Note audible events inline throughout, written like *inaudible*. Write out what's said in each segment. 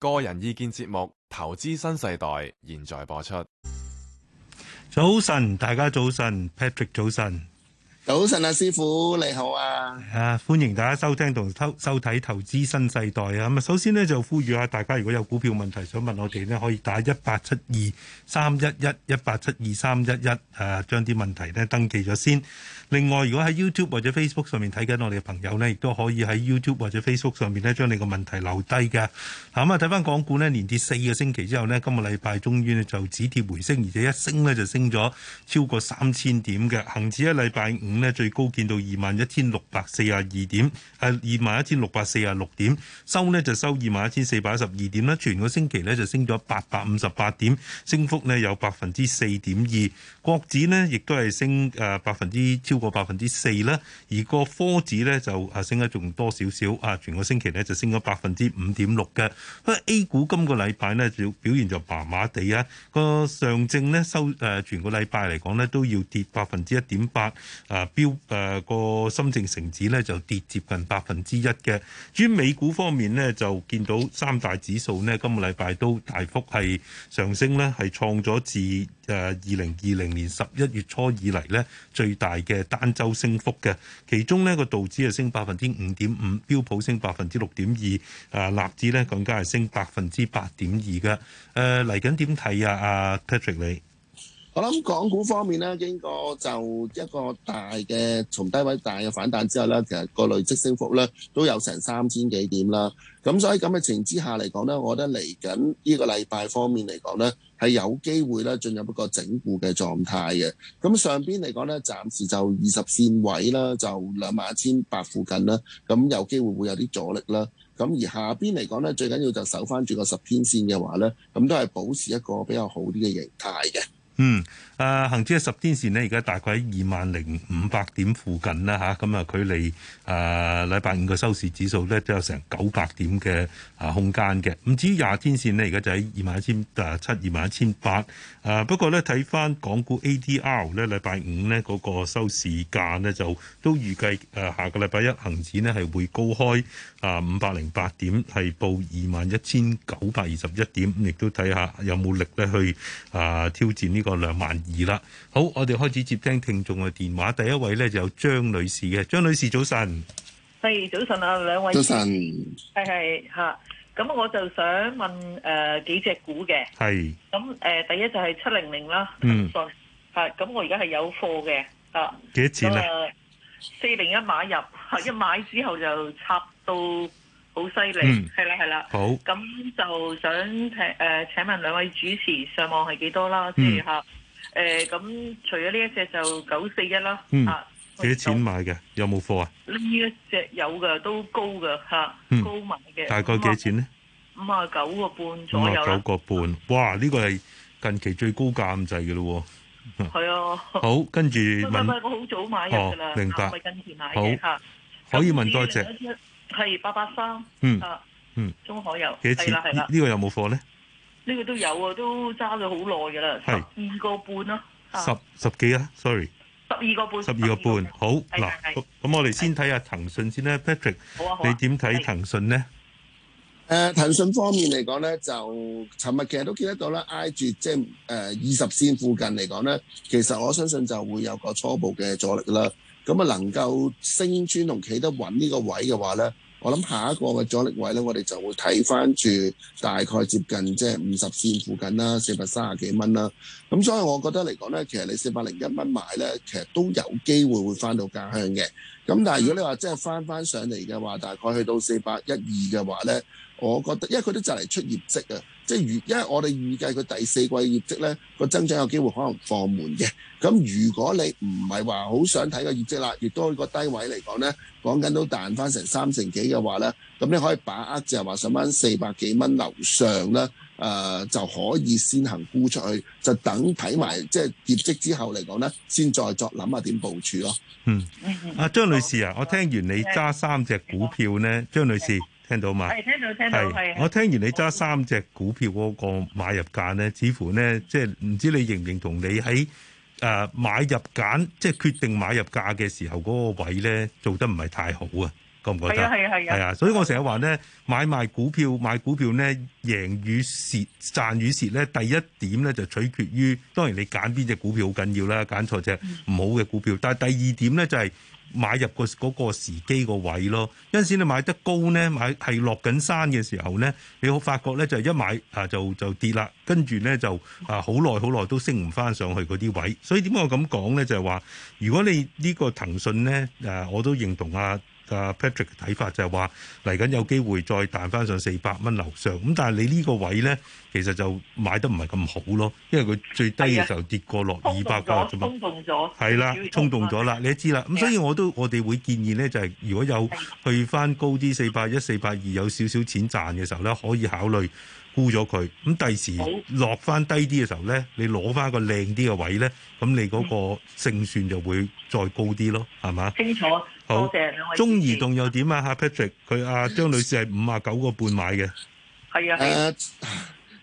個人意見節目《投資新時代》現在播出。早晨，大家早晨，Patrick 早晨。早晨啊，師傅你好啊！啊，歡迎大家收聽同收收睇《投資新世代》啊！咁啊，首先咧就呼籲下大家，如果有股票問題想問我哋咧，可以打一八七二三一一一八七二三一一啊，將啲問題咧登記咗先。另外，如果喺 YouTube 或者 Facebook 上面睇緊我哋嘅朋友咧，亦都可以喺 YouTube 或者 Facebook 上面咧將你個問題留低噶。嗱咁啊，睇翻港股咧，連跌四個星期之後咧，今個禮拜終於咧就止跌回升，而且一升咧就升咗超過三千點嘅，恒指一禮拜五。咧最高見到二萬一千六百四十二點，係二萬一千六百四十六點收，呢就收二萬一千四百一十二點啦。全個星期呢就升咗八百五十八點，升幅呢有百分之四點二。國指呢亦都係升誒百分之超過百分之四啦。而個科指呢就啊升得仲多少少啊，全個星期呢就升咗百分之五點六嘅。不過 A 股今個禮拜呢表表現就麻麻地啊，個上證呢收誒全個禮拜嚟講呢都要跌百分之一點八啊。標誒個深證成指咧就跌接近百分之一嘅。至於美股方面呢，就見到三大指數呢今個禮拜都大幅係上升呢，係創咗自誒二零二零年十一月初以嚟呢最大嘅單周升幅嘅。其中呢個道指係升百分之五點五，標普升百分之六點二，啊納指呢更加係升百分之八點二嘅。誒嚟緊點睇啊，阿 Patrick 你？我諗港股方面咧，經過就一個大嘅從低位大嘅反彈之後咧，其實個累積升幅咧都有成三千幾點啦。咁所以咁嘅情之下嚟講咧，我覺得嚟緊呢個禮拜方面嚟講咧，係有機會咧進入一個整固嘅狀態嘅。咁上邊嚟講咧，暫時就二十線位啦，就兩萬一千八附近啦。咁有機會會有啲阻力啦。咁而下邊嚟講咧，最緊要就守翻住個十天線嘅話咧，咁都係保持一個比較好啲嘅形態嘅。嗯，啊，恆指嘅十天線呢，而家大概喺二萬零五百點附近啦，嚇，咁啊，距離啊禮拜五嘅收市指數咧，都有成九百點嘅啊空間嘅。咁、啊、至於廿天線呢，而家就喺二萬一千七、二萬一千八。啊，不過呢，睇翻港股 ADR 呢，禮拜五呢嗰、那個收市價呢，就都預計誒、啊、下個禮拜一恆指呢係會高開啊五百零八點，係報二萬一千九百二十一點。亦都睇下有冇力呢去啊挑戰呢、這個。兩萬二啦，好，我哋開始接聽聽眾嘅電話。第一位咧就有張女士嘅，張女士早晨，係早晨啊，兩位先早晨上，係係吓，咁我就想問誒、呃、幾隻股嘅，係是，咁誒、呃、第一就係七零零啦，嗯，係，咁我而家係有貨嘅。啊，幾多錢啊？四零一買入，一買之後就插到。好犀利，係啦係啦，好。咁就想請誒，請問兩位主持上望係幾多啦？即係吓誒，咁除咗呢一隻就九四一啦，嗯，幾多錢買嘅？有冇貨啊？呢一隻有嘅，都高嘅吓，高買嘅，大概幾錢呢？五啊九個半左右。五啊九個半，哇！呢個係近期最高價咁滯嘅咯。係啊。好，跟住問。係咪我好早買入嘅啦？哦，明白。係近期買嘅，可以問多一隻。係八八三，嗯啊，嗯，中海油，係啦係啦，呢個有冇貨咧？呢個都有啊，都揸咗好耐噶啦，係二個半咯，十十幾啊，sorry，十二個半，十二個半，好嗱，咁我哋先睇下騰訊先啦。Patrick，你點睇騰訊咧？誒，騰訊方面嚟講咧，就尋日其實都見得到啦，挨住即係誒二十線附近嚟講咧，其實我相信就會有個初步嘅阻力啦。咁啊，能夠升穿同企得穩呢個位嘅話呢，我諗下一個嘅阻力位呢，我哋就會睇翻住大概接近即係五十線附近啦，四百三十幾蚊啦。咁所以我覺得嚟講呢，其實你四百零一蚊買呢，其實都有機會會翻到家鄉嘅。咁但係如果你話即係翻翻上嚟嘅話，大概去到四百一二嘅話呢，我覺得因為佢都就嚟出業績啊。即係預，因為我哋預計佢第四季業績咧個增長有機會可能放緩嘅。咁如果你唔係話好想睇個業績啦，亦都個低位嚟講咧，講緊都彈翻成三成幾嘅話咧，咁你可以把握就係話上翻四百幾蚊樓上啦。誒、呃，就可以先行沽出去，就等睇埋即係業績之後嚟講咧，先再作諗下點部署咯。嗯，阿、啊、張女士啊，我聽完你揸三隻股票咧，張女士。聽到嘛？係聽到聽到係。是是我聽完你揸三隻股票嗰個買入價咧，的似乎咧即係，唔知你認唔認同，你喺誒，買入揀即係決定買入價嘅時候嗰個位咧做得唔係太好啊？覺唔覺得？係係啊係啊！所以我成日話咧，買賣股票買股票咧，贏與蝕賺與蝕咧，第一點咧就取決於，當然你揀邊隻股票隻好緊要啦，揀錯隻唔好嘅股票。嗯、但係第二點咧就係、是。買入個嗰個時機個位咯，有時你買得高呢，買係落緊山嘅時候咧，你發覺咧就一買啊就就跌啦，跟住咧就啊好耐好耐都升唔翻上去嗰啲位，所以點解我咁講咧就係話，如果你呢個騰訊咧我都認同啊 Patrick 嘅睇法就係話嚟緊有機會再彈翻上四百蚊樓上，咁但係你呢個位咧，其實就買得唔係咁好咯，因為佢最低嘅時候跌過落二百八啫嘛，衝動咗，係啦，衝動咗啦，的你都知啦，咁的所以我都我哋會建議咧、就係，就係如果有去翻高啲四百一四百二有少少錢賺嘅時候咧，可以考慮。沽咗佢，咁第時落翻低啲嘅時候咧，你攞翻個靚啲嘅位咧，咁你嗰個勝算就會再高啲咯，係嘛？清楚，好。多謝兩位。中移動又點啊？哈，Patrick，佢阿張女士係五啊九個半買嘅，係啊係啊。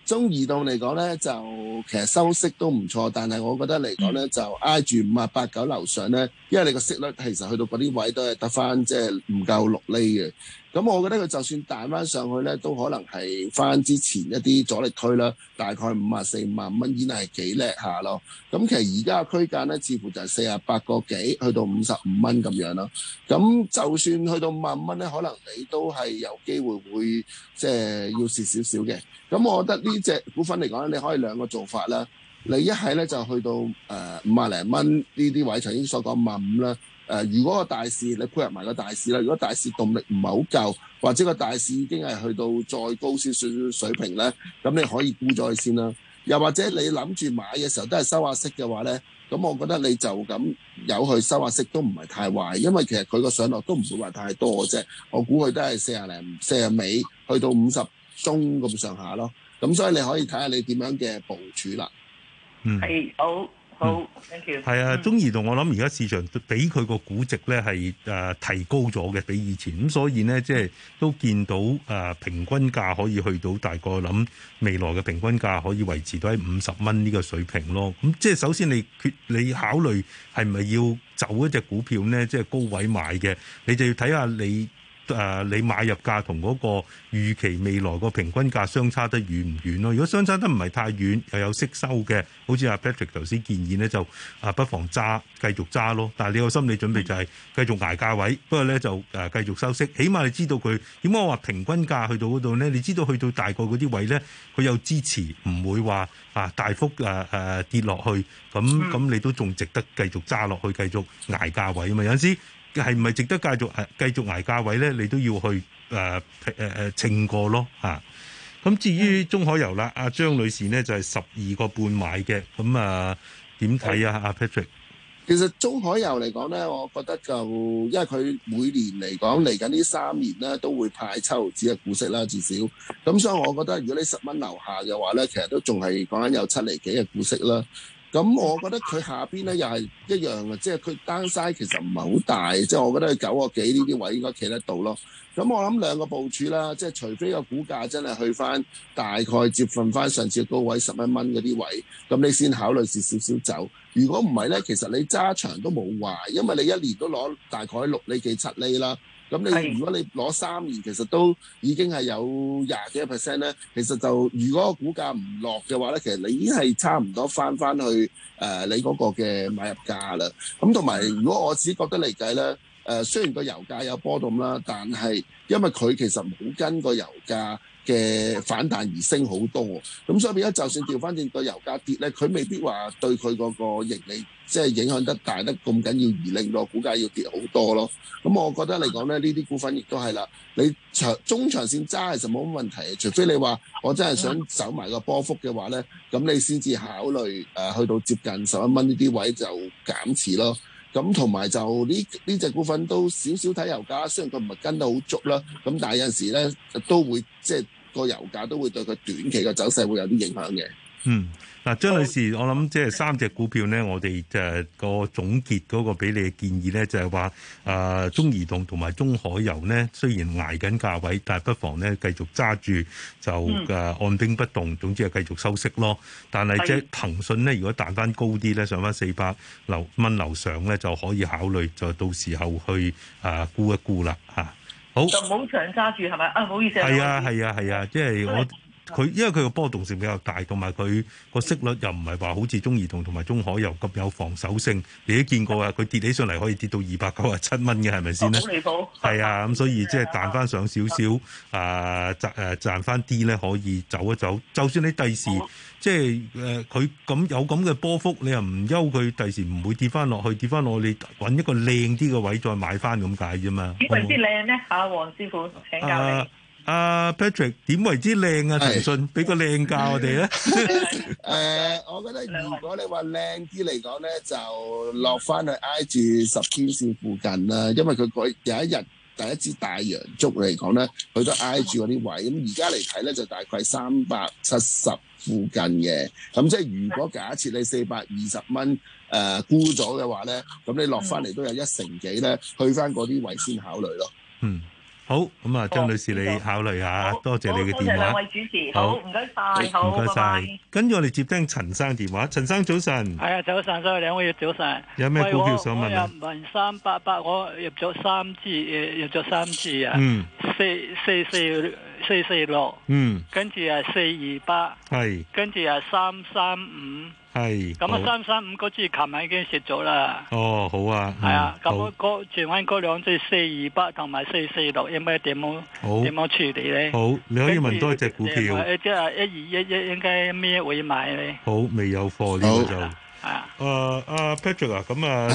中移動嚟講咧，就其實收息都唔錯，但係我覺得嚟講咧，嗯、就挨住五啊八九樓上咧，因為你個息率其實去到嗰啲位都係得翻，即係唔夠六厘嘅。咁我覺得佢就算彈翻上去咧，都可能係翻之前一啲阻力區啦，大概五萬四萬蚊已經係幾叻下咯。咁其實而家嘅區間咧，似乎就係四啊八個幾去到五十五蚊咁樣咯。咁就算去到萬蚊咧，可能你都係有機會會即係、呃、要蝕少少嘅。咁我覺得呢隻股份嚟講咧，你可以兩個做法啦。你一係咧就去到誒五萬零蚊呢啲位置，曾經所講五萬五啦。誒，如果個大市你配合埋個大市啦，如果大市動力唔係好夠，或者個大市已經係去到再高少少水平咧，咁你可以沽咗佢先啦。又或者你諗住買嘅時候都係收下息嘅話咧，咁我覺得你就咁有去收下息都唔係太壞，因為其實佢個上落都唔會話太多啫。我估佢都係四廿零、四十尾去到五十中咁上下咯。咁所以你可以睇下你點樣嘅部署啦。好、嗯。好、嗯，thank you。係啊，中移動我諗而家市場畀佢個估值咧係誒提高咗嘅，比以前咁、嗯，所以呢，即、就、係、是、都見到誒、呃、平均價可以去到大概諗未來嘅平均價可以維持到喺五十蚊呢個水平咯。咁即係首先你決你考慮係咪要走一隻股票呢？即、就、係、是、高位買嘅，你就要睇下你。誒、啊，你買入價同嗰個預期未來個平均價相差得遠唔遠咯？如果相差得唔係太遠，又有息收嘅，好似阿 Patrick 頭先建議呢，就啊不妨揸繼續揸咯。但係你有心理準備就係繼續捱價位。不過咧就誒繼續收息，起碼你知道佢點解我話平均價去到嗰度呢？你知道去到大概嗰啲位咧，佢有支持，唔會話啊大幅跌落去。咁咁你都仲值得繼續揸落去，繼續捱價位啊嘛？有陣時，係咪值得繼續誒繼續捱價位咧？你都要去誒誒誒稱過咯嚇。咁、啊、至於中海油啦，阿張女士呢就係十二個半買嘅，咁啊點睇啊？阿、啊嗯、Patrick，其實中海油嚟講咧，我覺得就因為佢每年嚟講嚟緊呢三年咧都會派七毫子嘅股息啦，至少。咁所以，我覺得如果你十蚊樓下嘅話咧，其實都仲係講緊有七厘幾嘅股息啦。咁我覺得佢下邊咧又係一樣嘅，即係佢單 o 其實唔係好大，即係我覺得佢九個幾呢啲位應該企得到咯。咁我諗兩個部署啦，即係除非個股價真係去翻大概接近翻上次高位十一蚊嗰啲位，咁你先考慮少少走。如果唔係咧，其實你揸長都冇壞，因為你一年都攞大概六厘幾七厘啦。咁你如果你攞三年，其實都已經係有廿幾個 percent 咧。其實就如果個股價唔落嘅話咧，其實你已經係差唔多翻翻去誒你嗰個嘅買入價啦。咁同埋如果我自己覺得嚟計咧，誒雖然個油價有波動啦，但係因為佢其實冇跟個油價嘅反彈而升好多。咁所以而家就算調翻正個油價跌咧，佢未必話對佢嗰個盈利。即係影響得大得咁緊要而令到，估計要跌好多咯。咁、嗯、我覺得嚟講咧，呢啲股份亦都係啦。你長中長線揸係冇乜問題。除非你話我真係想走埋個波幅嘅話咧，咁你先至考慮誒、呃、去到接近十一蚊呢啲位就減持咯。咁同埋就呢呢隻股份都少少睇油價，雖然佢唔係跟得好足啦，咁但係有陣時咧都會即係個油價都會對佢短期嘅走勢會有啲影響嘅。嗯，嗱，張女士，我諗即係三隻股票咧，我哋就係個總結嗰個俾你嘅建議咧、就是，就係話誒中移動同埋中海油咧，雖然捱緊價位，但係不妨咧繼續揸住就誒、嗯、按兵不動，總之係繼續收息咯。但係即係騰訊咧，如果彈翻高啲咧，上翻四百蚊樓上咧，就可以考慮就到時候去誒沽一沽啦吓。好，就唔好長揸住係咪啊？唔好意思係啊係啊係啊，即係、啊啊啊啊、我。佢因為佢個波動性比較大，同埋佢個息率又唔係話好似中移動同埋中海油咁有防守性，你都見過啊！佢跌起上嚟可以跌到二百九十七蚊嘅，係咪先呢？好離譜！係的啊，咁所以即係彈翻上少少啊賺返翻啲咧，可以走一走。就算你第時的即係誒佢咁有咁嘅波幅，你又唔憂佢第時唔會跌翻落去，跌翻落去你揾一個靚啲嘅位再買翻咁解啫嘛。點為之靚咧？嚇、啊，黃師傅，請教你。啊阿、uh, Patrick 點為之靚啊？騰訊俾個靚價我哋咧。誒、 *laughs* 呃，我覺得如果你話靚啲嚟講咧，就落翻去挨住十天綫附近啦。因為佢有一日第一支大洋燭嚟講咧，佢都挨住嗰啲位。咁而家嚟睇咧，就大概三百七十附近嘅。咁即係如果假設你四百二十蚊誒沽咗嘅話咧，咁你落翻嚟都有一成幾咧，去翻嗰啲位先考慮咯。嗯。好，咁啊，張女士你考慮下，謝謝，多謝你嘅電話。好，兩位主持。好，唔該晒。好，唔該曬。拜拜，跟住我哋接聽陳生電話。陳生早晨。係啊，早晨，再兩位亦早晨。早晨，早晨，有咩股票想問？我我三八八，我入咗三支，誒，入咗三支啊。嗯。四四四四四六。嗯。跟住啊的，四二八。係。跟住啊，三三五。係咁啊，三三五嗰支琴日已經蝕咗啦。哦，好啊。係啊，咁嗰剩翻嗰兩隻四二八同埋四四六，應該點樣點樣處理咧？好，你可以問多一隻股票。即係一二一一，應該咩會買咧？好，未有貨，呢個就係啊。誒，阿 Patrick 啊，咁啊，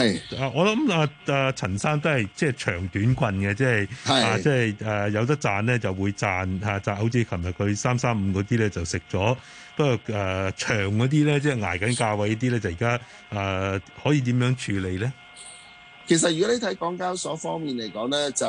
我諗啊，阿陳生都係即係長短棍嘅，即係啊，即係誒有得賺咧就會賺吓賺，好似琴日佢三三五嗰啲咧就食咗。不過誒、呃、長嗰啲咧，即係挨緊價位啲咧，就而家誒可以點樣處理咧？其實如果你睇港交所方面嚟講咧，就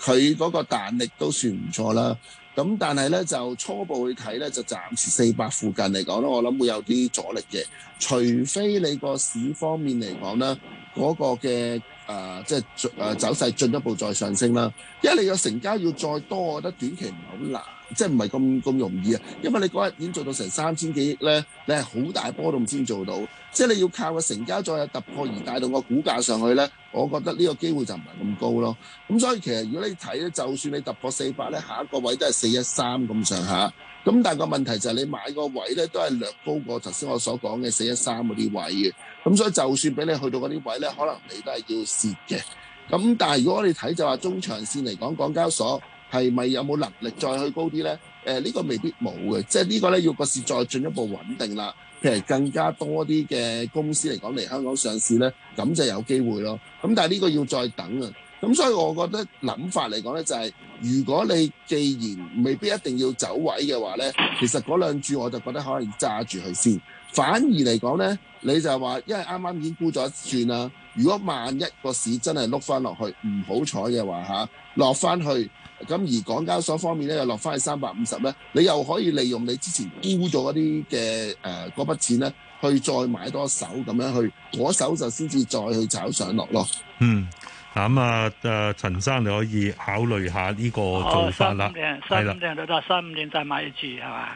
佢嗰個彈力都算唔錯啦。咁但係咧就初步去睇咧，就暫時四百附近嚟講咯，我諗會有啲阻力嘅。除非你個市方面嚟講咧，嗰、嗰個嘅誒即係誒走勢進一步再上升啦。因為你個成交要再多，我覺得短期唔係好難。即係唔係咁咁容易啊？因為你嗰日已經做到成三千幾億咧，你係好大波動先做到，即係你要靠個成交再有突破而帶到個股價上去咧，我覺得呢個機會就唔係咁高咯。咁所以其實如果你睇咧，就算你突破四百咧，下一個位都係四一三咁上下。咁但係個問題就係你買個位咧，都係略高過頭先我所講嘅四一三嗰啲位嘅。咁所以就算俾你去到嗰啲位咧，可能你都係要蝕嘅。咁但係如果你睇就話中長線嚟講，港交所。係咪有冇能力再去高啲呢？誒，呢個未必冇嘅，即係呢個呢要個市再進一步穩定啦。譬如更加多啲嘅公司嚟講嚟香港上市呢，咁就有機會咯。咁但係呢個要再等啊。咁所以我覺得諗法嚟講呢，就係如果你既然未必一定要走位嘅話呢，其實嗰兩注我就覺得可能揸住佢先。反而嚟講呢，你就係話，因為啱啱已經沽咗一轉啦。如果萬一個市真係碌翻落去唔好彩嘅話嚇，落翻去。咁而港交所方面咧又落翻去三百五十咧，你又可以利用你之前沽咗一啲嘅誒嗰筆錢咧，去再買多手咁樣去嗰手就先至再去炒上落咯。嗯，咁啊誒，陳生你可以考慮下呢個做法啦、哦。三五年都得三,三五年就買一次係嘛？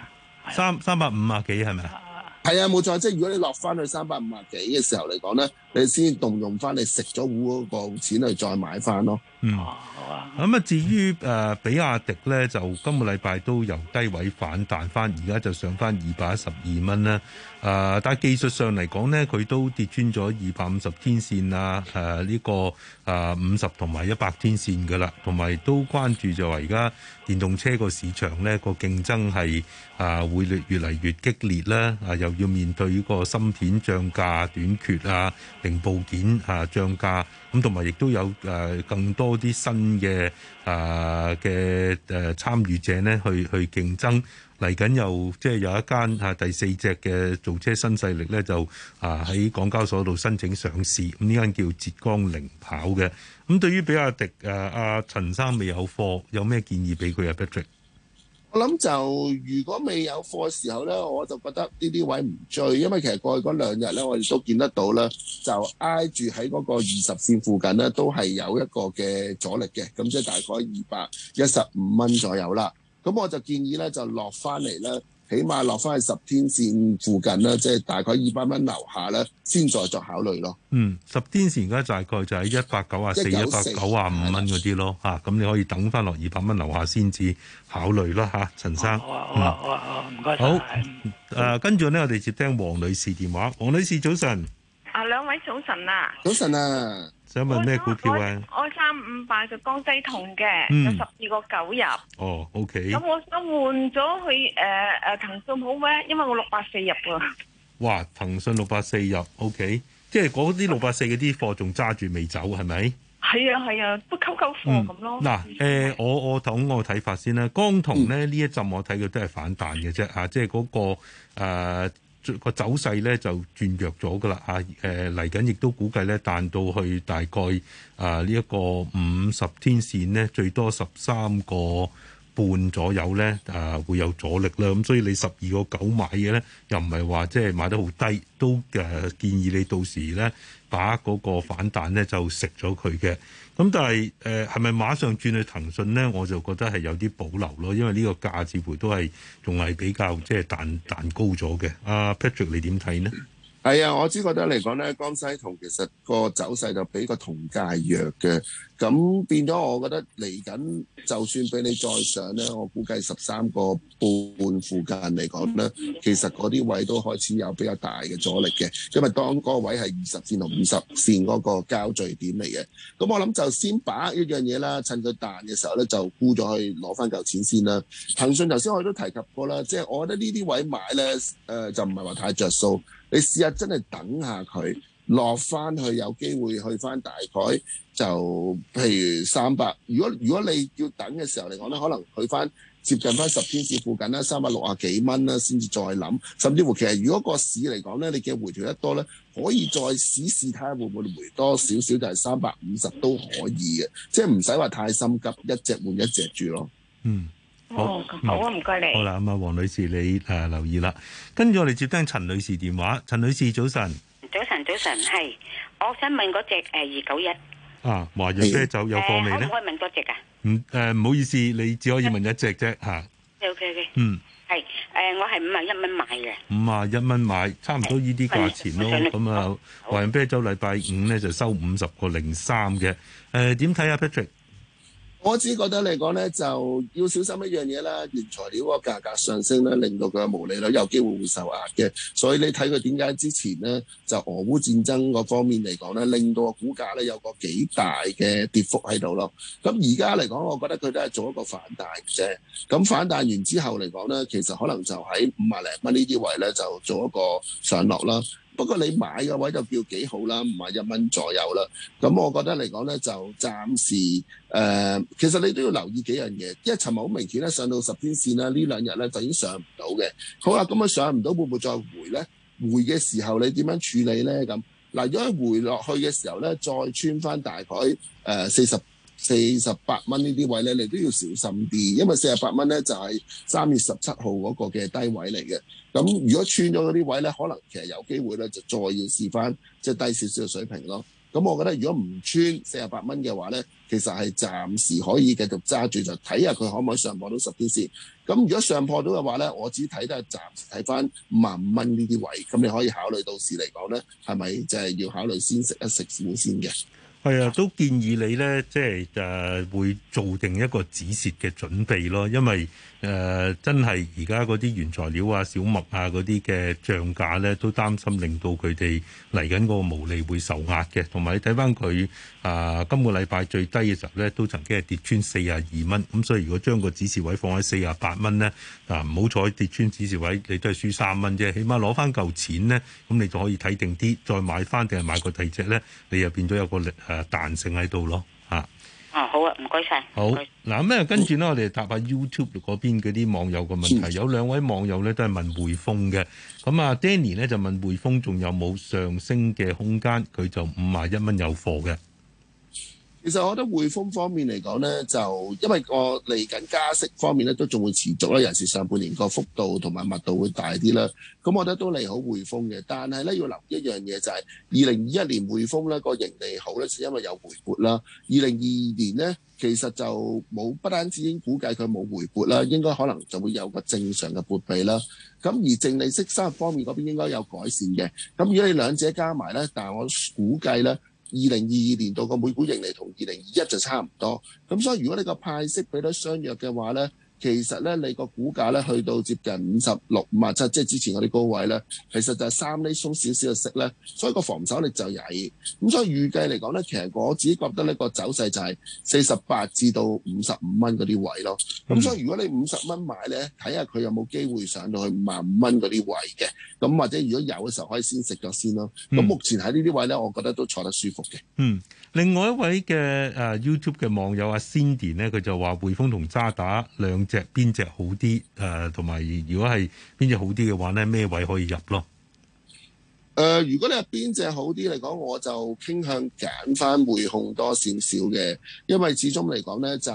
三三百五啊，幾係咪啊？係啊，冇錯，即係如果你落翻去三百五十幾嘅時候嚟講咧，你先動用翻你食咗糊嗰個錢去再買翻咯好、嗯、啊。咁啊、嗯，至於誒、呃、比亞迪咧，就今個禮拜都由低位反彈翻，而家就上翻二百一十二蚊啦。誒，但係技術上嚟講呢，佢都跌穿咗二百五十天線啊。誒、這個，呢個誒五十同埋一百天線嘅啦，同埋都關注就係而家電動車個市場呢個競爭係啊會越嚟越激烈啦。啊，又要面對呢個芯片漲價短缺啊，零部件啊漲價。咁同埋亦都有誒更多啲新嘅啊嘅誒參與者呢，去去競爭。嚟緊又即係、就是、有一間嚇第四隻嘅造車新勢力咧，就啊喺港交所度申請上市。咁呢間叫浙江零跑嘅。咁對於比亞迪，誒阿、啊、陳生未有貨，有咩建議俾佢啊？Patrick 我諗就如果未有貨嘅時候呢，我就覺得呢啲位唔追，因為其實過去嗰兩日呢，我哋都見得到呢，就挨住喺嗰個二十綫附近呢，都係有一個嘅阻力嘅，咁即係大概二百一十五蚊左右啦。咁我就建議呢，就落翻嚟，呢。起碼落翻去十天線附近啦，即係大概二百蚊樓下啦，先再作考慮咯。嗯，十天線而家大概就喺一百九啊四、一百九啊五蚊嗰啲咯。咁你可以等翻落二百蚊樓下先至考慮啦。吓、啊，陳生，唔該。嗯、謝謝好。誒、嗯啊，跟住咧，我哋接聽黃女士電話。黃女士，早晨。啊，兩位早晨啊。早晨啊。想問咩股票啊？我三五八就江西銅嘅，嗯、有十二個九入。哦，OK。咁我想換咗去誒誒騰訊好咩？因為我六百四入喎。哇！騰訊六百四入，OK。即係嗰啲六百四嗰啲貨仲揸住未走係咪？係啊係啊，都溝溝貨咁咯。嗱、嗯，誒、啊呃，我我等我睇法先啦。江銅咧呢、嗯、一浸我睇佢都係反彈嘅啫，吓、啊，即係嗰、嗰個誒。啊個走勢咧就轉弱咗㗎喇，誒嚟緊亦都估計咧彈到去大概啊呢一個五十天線咧最多十三個半左右咧啊會有阻力啦，咁所以你十二個九買嘅咧又唔係話即係買得好低，都誒建議你到時咧。把嗰個反彈咧，就食咗佢嘅。咁但係誒，係、呃、咪馬上轉去騰訊咧？我就覺得係有啲保留咯，因為呢個價值盤都係仲係比較即係彈彈高咗嘅。阿、啊、Patrick 你點睇呢？係啊，我只覺得嚟講咧，江西銅其實個走勢就比個銅價弱嘅。咁變咗，我覺得嚟緊就算俾你再上咧，我估計十三個半附近嚟講咧，其實嗰啲位都開始有比較大嘅阻力嘅，因為當嗰個位係二十線同五十線嗰個交聚點嚟嘅。咁我諗就先把握一樣嘢啦，趁佢彈嘅時候咧，就沽咗去攞翻嚿錢先啦。騰訊頭先我都提及過啦，即係我覺得呢啲位買咧，誒就唔係話太着數。你試下真係等下佢。落翻去有機會去翻大概就譬如三百，如果如果你要等嘅時候嚟講咧，可能去翻接近翻十天線附近啦，三百六啊幾蚊啦，先至再諗。甚至乎其實如果個市嚟講咧，你嘅回調得多咧，可以再試試睇下會唔會回多少少，就係三百五十都可以嘅，即係唔使話太心急，一隻換一隻住咯。嗯，好，哦嗯、好啊，唔該你。好啦，咁啊，黃女士你、呃、留意啦，跟住我哋接聽陳女士電話。陳女士早晨。早晨，早晨係，我想問嗰隻誒二九一啊，華潤啤酒有貨未咧？可唔、呃、可以問多隻啊？唔誒、嗯，唔、呃、好意思，你只可以問一隻啫吓。OK，OK，嗯，係誒、呃，我係五十一蚊買嘅，五十一蚊買，差唔多呢啲價錢咯。咁啊，華潤就啤酒禮拜五咧就收五十個零三嘅，誒、呃，點睇啊 Patrick？我只覺得嚟講咧，就要小心一樣嘢啦，原材料個價格上升咧，令到佢嘅毛利率，有機會會受壓嘅。所以你睇佢點解之前咧，就俄烏戰爭嗰方面嚟講咧，令到個股價咧有個幾大嘅跌幅喺度咯。咁而家嚟講，我覺得佢都係做一個反彈嘅啫。咁反彈完之後嚟講咧，其實可能就喺五萬零蚊呢啲位咧，就做一個上落啦。不過你買嘅位就叫幾好啦，唔係一蚊左右啦。咁我覺得嚟講咧，就暫時誒、呃，其實你都要留意幾樣嘢，因為尋日好明顯咧，上到十天線啦，呢兩日咧就已經上唔到嘅。好啦，咁啊上唔到會唔會再回咧？回嘅時候你點樣處理咧？咁嗱、呃，如果回落去嘅時候咧，再穿翻大概誒四十，呃四十八蚊呢啲位呢，你都要小心啲，因為四十八蚊呢就係三月十七號嗰個嘅低位嚟嘅。咁如果穿咗嗰啲位呢，可能其實有機會呢，就再要試翻即係低少少嘅水平咯。咁我覺得如果唔穿四十八蚊嘅話呢，其實係暫時可以繼續揸住，就睇下佢可唔可以上破到十點線。咁如果上破到嘅話呢，我只睇得暫時睇翻五萬五蚊呢啲位，咁你可以考慮到時嚟講呢，係咪就係要考慮先食一食先先嘅？係啊，都建議你咧，即係誒、啊、會做定一個止蝕嘅準備咯。因為誒、啊、真係而家嗰啲原材料啊、小麥啊嗰啲嘅漲價咧，都擔心令到佢哋嚟緊個個毛利會受壓嘅。同埋你睇翻佢啊，今個禮拜最低嘅時候咧，都曾經係跌穿四十二蚊。咁所以如果將個止蝕位放喺四十八蚊咧，嗱唔好彩跌穿止蝕位，你都係輸三蚊啫。起碼攞翻嚿錢咧，咁你就可以睇定啲，再買翻定係買個第二隻咧，你又變咗有個力。誒、彈、啊、性喺度咯，吓、啊，啊好啊，唔該晒，好嗱、啊嗯、跟住咧，我哋答下 YouTube 嗰邊嗰啲網友嘅問題，有兩位網友咧都係問匯豐嘅，咁啊 Danny 咧就問匯豐仲有冇上升嘅空間，佢就五十一蚊有貨嘅。其實我覺得匯豐方面嚟講咧，就因為個嚟緊加息方面咧，都仲會持續啦。尤其是上半年個幅度同埋密度會大啲啦。咁我覺得都利好匯豐嘅。但係咧，要留意一樣嘢就係二零二一年匯豐咧個盈利好咧，就因為有回撥啦。二零二二年咧，其實就冇，不單止已經估計佢冇回撥啦，應該可能就會有個正常嘅撥備啦。咁而淨利息收入方面嗰邊應該有改善嘅。咁如果你兩者加埋咧，但係我估計咧。二零二二年度個每股盈利同二零二一就差唔多，咁所以如果你個派息俾得相若嘅話咧。其實咧，你個股價咧去到接近五十六、五十七，即係之前嗰啲高位咧，其實就係三釐鬆少少嘅息咧，所以個防守力就易。咁所以預計嚟講咧，其實我自己覺得呢個走勢就係四十八至到五十五蚊嗰啲位咯。咁所以如果你五十蚊買咧，睇下佢有冇機會上到去五十五蚊嗰啲位嘅。咁或者如果有嘅時候，可以先食咗先咯。咁目前喺呢啲位咧，我覺得都坐得舒服嘅、嗯。嗯。另外一位嘅誒、uh, YouTube 嘅網友阿、uh、Cindy 呢，佢就話匯豐同渣打兩隻邊隻好啲？誒、呃，同埋如果係邊隻好啲嘅話呢咩位可以入咯？誒、呃，如果你係邊隻好啲嚟講，我就傾向揀翻匯控多少少嘅，因為始終嚟講呢，就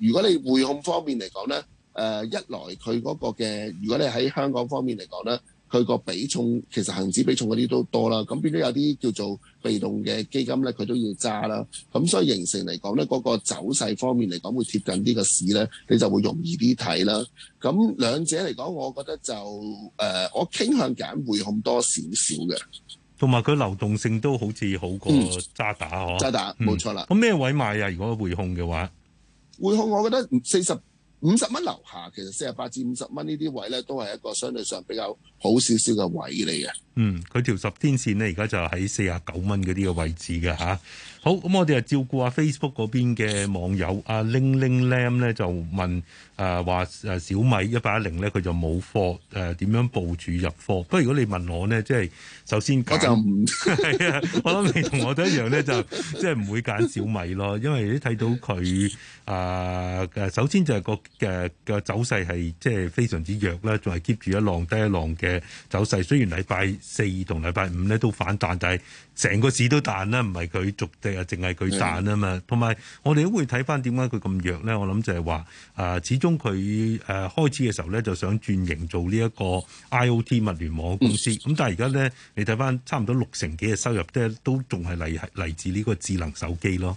如果你匯控方面嚟講呢，誒、呃、一來佢嗰個嘅，如果你喺香港方面嚟講呢。佢個比重其實恒指比重嗰啲都多啦，咁變咗有啲叫做被動嘅基金咧，佢都要揸啦。咁所以形成嚟講咧，嗰、嗰個走勢方面嚟講會貼近啲個市咧，你就會容易啲睇啦。咁兩者嚟講，我覺得就誒、呃，我傾向揀匯控多少少嘅，同埋佢流動性都好似好過渣打嗬。嗯嗯、渣打冇錯啦。咁咩、嗯、位買啊？如果匯控嘅話，匯控我覺得四十。五十蚊樓下，其實四十八至五十蚊呢啲位咧，都係一個相對上比較好少少嘅位嚟嘅。嗯，佢條十天線呢，而家就喺四十九蚊嗰啲嘅位置嘅吓，好，咁我哋又照顧下 Facebook 嗰邊嘅網友阿 Ling Ling Lam 咧，啊、玲玲就問。誒話誒小米一八一零咧，佢就冇貨。誒、呃、點樣部署入貨？不過如果你問我呢，即係首先，我就唔， *laughs* *laughs* 你跟我諗你同我都一樣咧， *laughs* 就即係唔會揀小米咯，因為你睇到佢誒誒，首先就係個嘅嘅走勢係即係非常之弱啦，仲係 keep 住一浪低一浪嘅走勢。雖然禮拜四同禮拜五咧都反彈，但係成個市都彈啦，唔係佢逐地啊，淨係佢彈啊嘛。同埋的我哋都會睇翻點解佢咁弱咧？我諗就係話誒，始終。中佢誒開始嘅時候咧，就想轉型做呢一個 IOT 物聯網公司。咁、嗯、但係而家咧，你睇翻差唔多六成幾嘅收入都都仲係嚟嚟自呢個智能手機咯。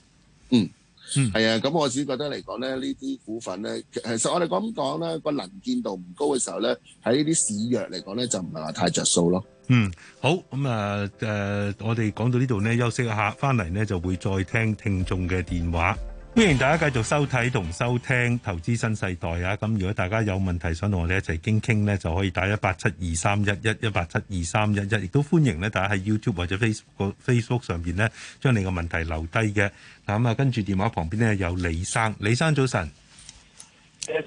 嗯，嗯，係啊。咁我自己覺得嚟講咧，呢啲股份咧，其實我哋咁講咧，個能見度唔高嘅時候咧，喺呢啲市弱嚟講咧，就唔係話太着數咯。嗯，好。咁啊誒，我哋講到呢度呢，休息一下，翻嚟呢就會再聽聽眾嘅電話。歡迎大家繼續收睇同收聽《投資新世代》啊！咁如果大家有問題想同我哋一齊傾傾咧，就可以打一八七二三一一一八七二三一一，亦都歡迎咧，大家喺 YouTube 或者 face 個 Facebook 上邊咧，將你個問題留低嘅。咁、嗯、啊，跟住電話旁邊咧有李生，李生早晨。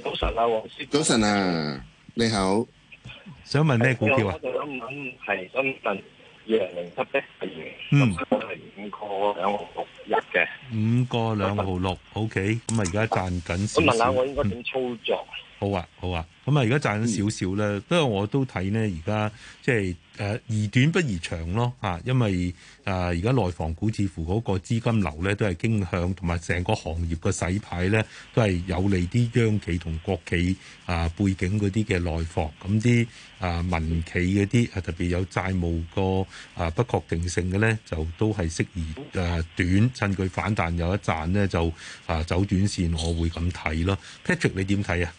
早晨啊，黃雪，早晨啊，你好。想問咩股票啊？我就諗諗，係想問二零零七咧，譬如嗯，零個兩六。嘅五個兩毫六 *laughs* ，OK，咁啊而家賺緊少少。我問下我應該點操作？嗯好啊，好啊。咁啊、嗯，而家賺咗少少咧，不過我都睇呢。而家即係誒，宜短不宜長咯吓，因為啊，而家內房股似乎嗰個資金流咧都係傾向，同埋成個行業嘅洗牌咧都係有利啲央企同國企啊背景嗰啲嘅內房，咁啲啊民企嗰啲啊特別有債務個啊不確定性嘅咧，就都係適宜誒短趁佢反彈有一賺咧，就啊走短線，我會咁睇咯。Patrick，你點睇啊？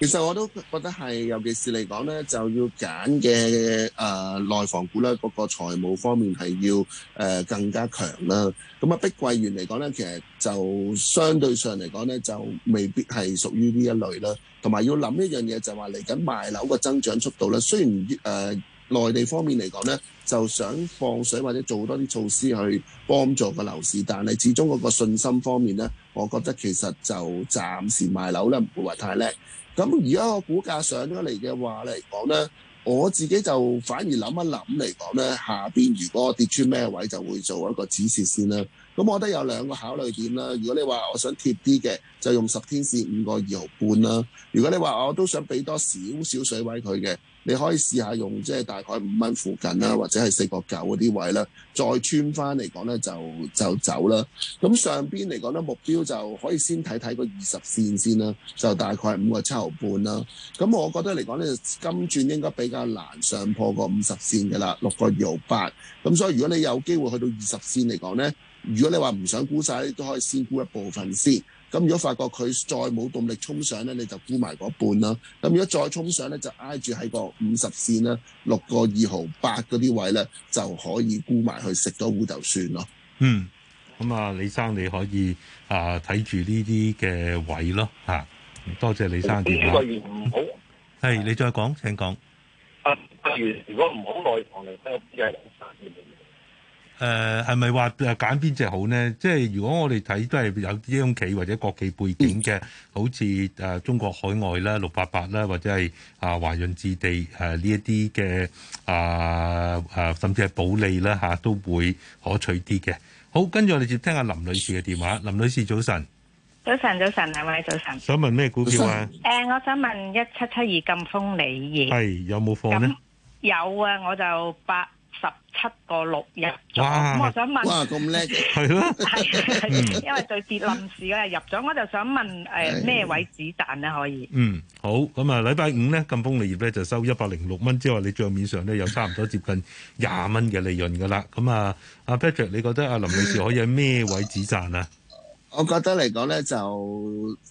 其實我都覺得係，尤其是嚟講呢，就要揀嘅誒內房股咧，嗰個財務方面係要誒更加強啦。咁啊，碧桂園嚟講呢，其實就相對上嚟講呢，就未必係屬於呢一類啦。同埋要諗一樣嘢，就係話嚟緊賣樓個增長速度咧，雖然誒內地方面嚟講呢，就想放水或者做多啲措施去幫助個樓市，但係始終嗰個信心方面呢，我覺得其實就暫時賣樓呢，唔會話太叻。咁而家個股價上咗嚟嘅話嚟講呢，我自己就反而諗一諗嚟講呢，下邊如果跌穿咩位就會做一個指示先啦。咁我覺得有兩個考慮點啦。如果你話我想貼啲嘅，就用十天線五個二毫半啦。如果你話我都想俾多少少水位佢嘅。你可以試下用即係大概五蚊附近啦，或者係四個九嗰啲位啦，再穿翻嚟講呢，就就走啦。咁上邊嚟講呢，目標就可以先睇睇個二十線先啦，就大概五個七毫半啦。咁我覺得嚟講呢，金轉應該比較難上破個五十線㗎啦，六個二毫八。咁所以如果你有機會去到二十線嚟講呢，如果你話唔想沽晒，都可以先沽一部分先。咁如果發覺佢再冇動力衝上咧，你就沽埋嗰半啦。咁如果再衝上咧，就挨住喺個五十線啦、六個二毫八嗰啲位咧，就可以沽埋去食咗糊就算咯。嗯，咁啊，李生你可以啊睇住呢啲嘅位咯吓，多謝李生電話。呢幾個月唔好係 *laughs* 你再講，請講。啊，例如如果唔好耐我嚟係。誒係咪話誒揀邊隻好呢？即係如果我哋睇都係有央企或者國企背景嘅，好似誒中國海外啦、六八八啦，或者係啊華潤置地誒呢一啲嘅啊、啊，甚至係保利啦嚇、啊，都會可取啲嘅。好，跟住我哋接聽下林女士嘅電話。林女士早晨，早晨早晨，兩位早晨？早晨想問咩股票啊？誒、呃，我想問一七七二贛鋒鋰業係有冇貨呢？有啊，我就八。七個六日咁哇、嗯、我想問，咁叻，係咯，係、 *laughs* 啊， *laughs* 因為對跌臨時日入咗，我就想問誒咩、 *laughs* 呃、位止賺咧可以？嗯，好，咁、嗯、啊，禮拜五咧咁豐利業咧就收一百零六蚊，之外，你帳面上咧又差唔多接近廿蚊嘅利潤噶啦。咁、嗯、啊，阿 Patrick，你覺得阿林女士可以喺咩位止賺啊？我覺得嚟講咧就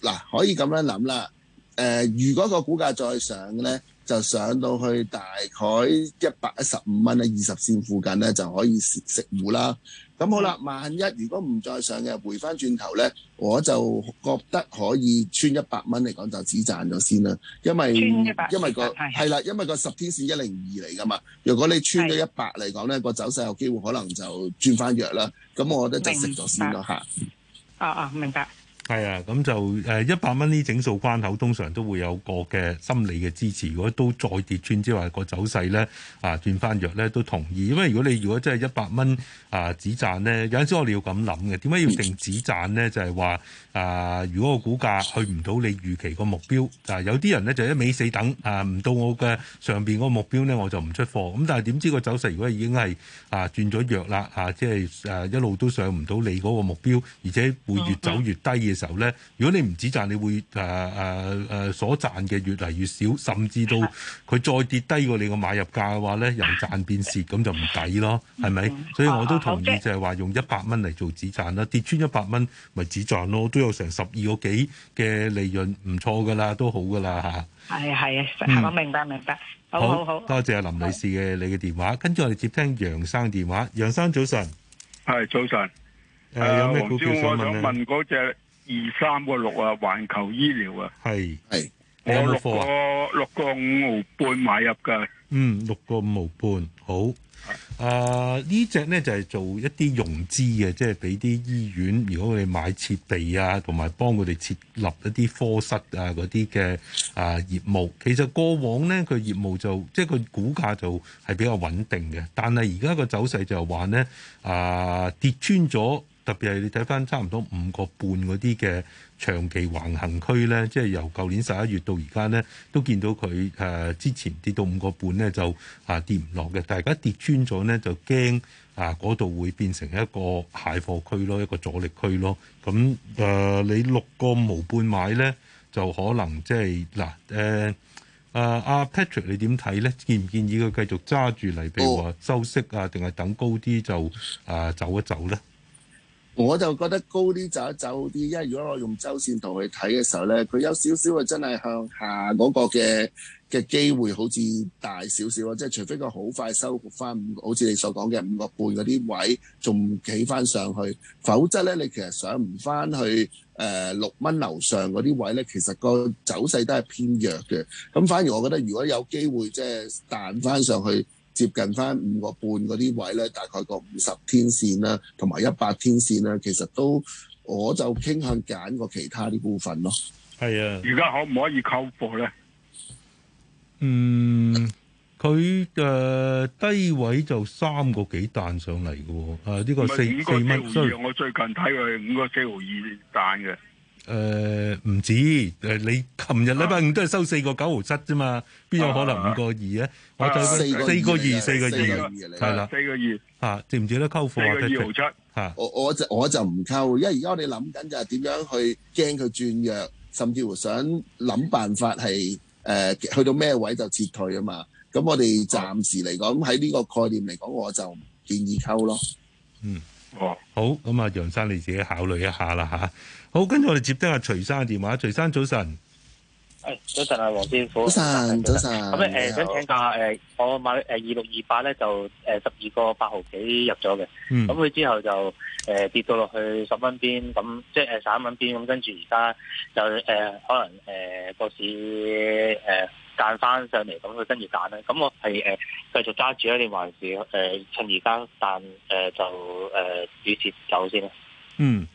嗱，可以咁樣諗啦。誒、呃，如果個股價再上咧？就上到去大概一百一十五蚊咧，二十線附近呢，就可以食食糊啦。咁好啦，萬一如果唔再上嘅，回翻轉頭呢，我就覺得可以穿一百蚊嚟講就只賺咗先啦。因為穿100，因為、那個係啦的，因為個十天線一零二嚟㗎嘛。如果你穿咗一百嚟講呢，的個走勢有機會可能就轉翻弱啦。咁我覺得就食咗先咯下。啊啊，明白。哦明白。係啊，咁就誒一百蚊呢整數關口，通常都會有個嘅心理嘅支持。如果都再跌穿之話，個走勢咧啊轉翻弱咧，都同意。因為如果你如果真係一百蚊啊止賺咧，有陣時我哋要咁諗嘅，點解要定止賺咧？就係、是、話啊，如果個股價去唔到你預期個目標，嗱有啲人咧就一味死等啊，唔到我嘅上邊嗰個目標咧，我就唔出貨。咁、啊、但係點知、個走勢如果已經係啊轉咗弱啦，啊即係誒一路都上唔到你嗰個目標，而且會越走越低嘅時候咧，如果你唔止賺，你會誒誒誒所賺嘅越嚟越少，甚至到佢再跌低過你個買入價嘅話咧，由賺變蝕，咁 *laughs* 就唔抵咯，係咪？嗯嗯、所以我都同意就係話用一百蚊嚟做止賺啦，跌穿一百蚊咪止賺咯，都有成十二個幾嘅利潤，唔錯噶啦，都好噶啦吓。係係啊，我明白明白，好好好，好好多謝阿林女士嘅你嘅電話，跟住，好我哋接聽楊生電話。楊生早晨，係早晨。誒、呃，有咩股票想問咧？二三個六啊，環球醫療啊，係係是，是我六個六個五毫半買入嘅，嗯，六個五毫半，好，啊是，呢隻、呃、呢，就係、是、做一啲融資嘅，即係俾啲醫院，如果佢哋買設備啊，同埋幫佢哋設立一啲科室啊嗰啲嘅啊業務。其實過往呢，佢業務就即係佢股價就係比較穩定嘅，但係而家個走勢就係話呢，啊跌穿咗。特別係你睇返差唔多五個半嗰啲嘅長期橫行區咧，即係由舊年十一月到而家咧，都見到佢誒之前跌到五個半咧就啊跌唔落嘅，但係而家跌穿咗咧就驚啊嗰度會變成一個蟹貨區咯，一個阻力區咯。咁誒、呃、你六個毫半買咧，就可能即係嗱誒誒阿 Patrick 你點睇咧？建唔建議佢繼續揸住嚟，譬如話收息啊，定係等高啲就啊、呃、走一走咧？我就覺得高啲就一走啲，因為如果我用周線圖去睇嘅時候呢，佢有少少嘅真係向下嗰個嘅嘅機會好似大少少咯，即係除非佢好快收復翻五，好似你所講嘅五個半嗰啲位仲企翻上去，否則呢，你其實上唔翻去誒、呃、六蚊樓上嗰啲位呢，其實個走勢都係偏弱嘅。咁反而我覺得如果有機會即係彈翻上去。接近翻五個半嗰啲位咧，大概個五十天線啦，同埋一百天線啦，其實都我就傾向揀個其他啲股份咯。係啊，而家可唔可以溝貨咧？嗯，佢誒、呃、低位就三個幾彈上嚟嘅喎，啊、呃、呢、這個四四蚊，我最近睇佢五個四毫二彈嘅。誒，唔、呃、止誒，你琴日禮拜五都係收四個九毫七啫嘛，邊有可能五個二咧？我睇四個二，四個二嚟噶啦，四個二吓，值唔值得溝貨四個二毫七吓，我我就我就唔溝，因為而家我哋諗緊就係點樣去驚佢轉弱，甚至乎想諗辦法係誒、呃、去到咩位就撤退啊嘛。咁 *laughs* 我哋暫時嚟講，喺呢個概念嚟講，我就唔建議溝咯。哦、嗯，好，咁啊，楊生你自己考慮一下啦吓。好，跟住我哋接聽下徐生嘅電話。徐生早晨，誒早晨啊，黃師傅，早晨早晨。咁咧誒，想請教下誒，後我買誒二六二八咧就誒十二個八毫幾入咗嘅，咁佢、嗯、之後就誒、呃、跌到落去十蚊邊，咁即係誒三蚊邊，咁跟住而家就誒、呃、可能誒個、呃、市誒彈翻上嚟，咁佢跟住彈咧。咁我係誒繼續揸住一定還是誒、呃、趁而家彈誒就誒短線走先咧？嗯。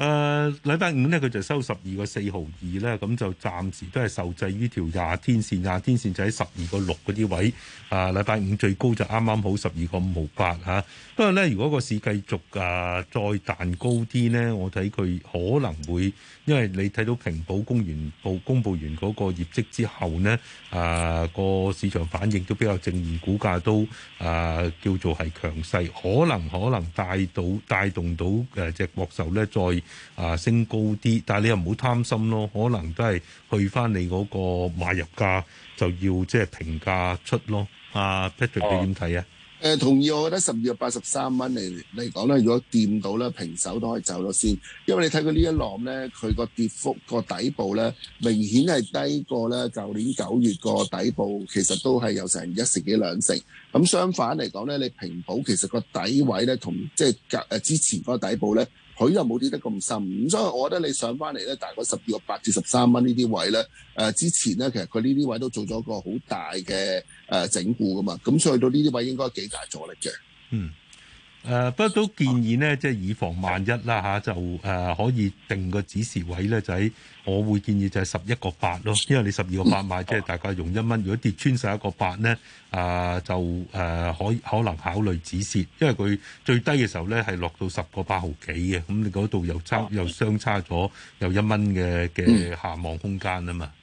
誒禮拜五呢，佢就收十二個四毫二呢。咁就暫時都係受制於條廿天線，廿天線就喺十二個六嗰啲位啊。禮、呃、拜五最高就啱啱好十二個五毫八嚇。不過、啊、呢，如果個市繼續啊、呃、再彈高啲呢，我睇佢可能會因為你睇到平保公，元公布完報公佈完嗰個業績之後呢，啊、呃、個市場反應都比較正面，股價都啊、呃、叫做係強勢，可能可能帶到帶動到隻隻國壽呢。再。啊，升高啲，但係你又唔好貪心咯，可能都係去翻你嗰個買入價就要即係平價出咯。啊，Patrick，你點睇啊？誒、呃，同意，我覺得十二月八十三蚊嚟嚟講咧，如果掂到咧，平手都可以走咗先。因為你睇佢呢一浪咧，佢個跌幅個底部咧，明顯係低過咧舊年九月個底部，其實都係有成一成幾兩成。咁相反嚟講咧，你平保其實個底位咧，同即係誒之前個底部咧。佢又冇跌得咁深，咁所以我覺得你上翻嚟咧，大概十二個八至十三蚊呢啲位咧，誒、呃、之前咧，其實佢呢啲位都做咗一個好大嘅誒、呃、整固噶嘛，咁所以到呢啲位應該幾大阻力嘅，嗯。誒不過都建議呢，即係以防萬一啦、啊、就誒、啊、可以定個止蝕位呢，就喺、是、我會建議就係十一個八咯，因為你十二個八買，即係大家用一蚊。如果跌穿十一個八呢，啊就誒可可能考慮止蝕，因為佢最低嘅時候呢係落到十個八毫幾嘅，咁你嗰度又差又相差咗有一蚊嘅嘅下望空間啊嘛～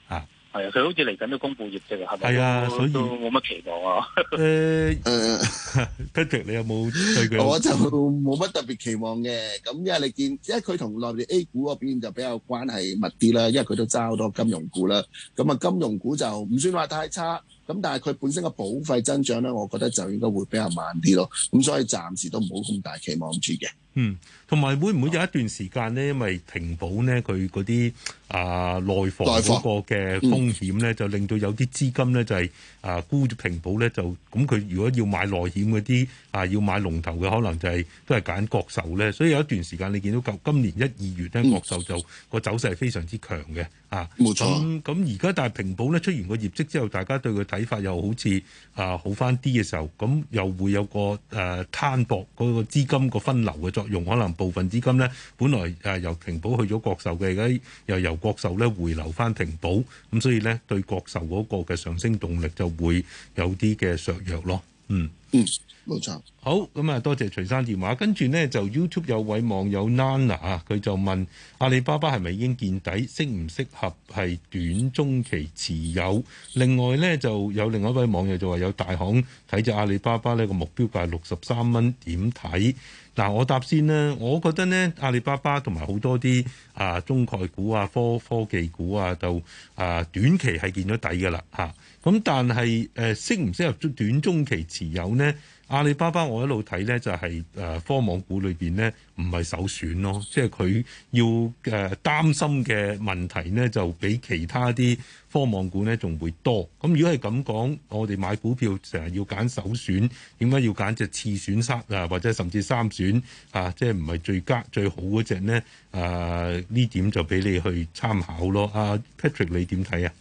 佢好似嚟緊都公布業績啊，係咪？係啊，所以都冇乜期望啊。誒誒，Peter，你有冇對佢？我就冇乜特別期望嘅。咁因為你見，因為佢同內地 A 股個表現就比較關係密啲啦。因為佢都揸好多金融股啦。咁啊，金融股就唔算話太差。咁但係佢本身個保費增長咧，我覺得就應該會比較慢啲咯。咁所以暫時都唔好咁大期望住嘅。嗯，同埋會唔會有一段時間呢？因為平保呢，佢嗰啲啊內房嗰個嘅風險呢，就令到有啲資金呢，嗯、就係、是、啊沽住平保呢。就咁佢、嗯、如果要買內險嗰啲啊，要買龍頭嘅，可能就係、是、都係揀國壽呢。所以有一段時間你見到今年一二月呢，國壽就個、嗯、走勢係非常之強嘅啊。冇錯、啊。咁而家但係平保呢，出完個業績之後，大家對佢睇法又好似啊好翻啲嘅時候，咁又會有個誒、啊、攤薄嗰、那個資金個分流嘅作用可能部分資金咧，本來誒由停保去咗國壽嘅，而家又由國壽咧回流翻停保，咁所以咧對國壽嗰個嘅上升動力就會有啲嘅削弱咯，嗯。嗯，冇錯。好，咁啊，多謝徐生電話。跟住呢，就 YouTube 有位網友 Nana 啊，佢就問阿里巴巴係咪已經見底，適唔適合係短中期持有？另外呢，就有另外一位網友就話有大行睇住阿里巴巴呢個目標價係六十三蚊，點睇？嗱，我先答先咧，我覺得呢，阿里巴巴同埋好多啲啊中概股啊科科技股啊，就啊短期係見咗底噶啦吓。咁但係誒，適唔適合短中期持有呢？咧阿里巴巴，我一路睇咧就係誒科網股裏邊咧唔係首選咯，即係佢要誒擔心嘅問題咧就比其他啲科網股咧仲會多。咁如果係咁講，我哋買股票成日要揀首選，點解要揀隻次選失啊，或者甚至三選、即係、唔係啊？即係唔係最佳最好嗰隻咧？誒呢點就俾你去參考咯。啊 Patrick 你點睇啊？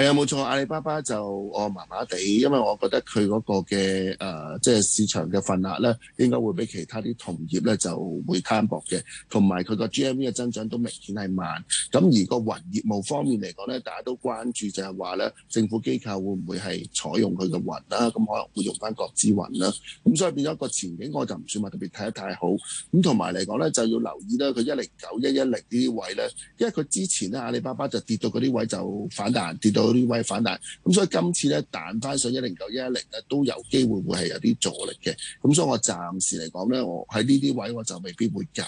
係啊，冇錯。阿里巴巴就我麻麻地，因為我覺得佢嗰個嘅誒，即係市場嘅份額咧，應該會比其他啲同業咧就會攤薄嘅。同埋佢個 GMV 嘅增長都明顯係慢。咁而個雲業務方面嚟講咧，大家都關注就係話咧，政府機構會唔會係採用佢嘅雲啦？咁可能會用翻國資雲啦。咁所以變咗個前景，我就唔算話特別睇得太好。咁同埋嚟講咧，就要留意呢佢一零九一一零呢啲位咧，因為佢之前咧阿里巴巴就跌到嗰啲位就反彈，跌到。呢位反彈，咁所以今次咧彈翻上一零九一一零咧都有機會會係有啲助力嘅，咁所以我暫時嚟講咧，我喺呢啲位我就未必會揀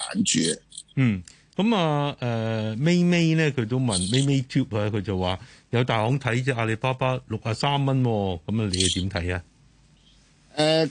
住、嗯。嗯，咁、嗯、啊，誒，咪咪咧佢都問咪咪 Tube 佢就話有大行睇隻阿里巴巴六啊三蚊，咁啊、哦，你點睇啊？誒咁、呃那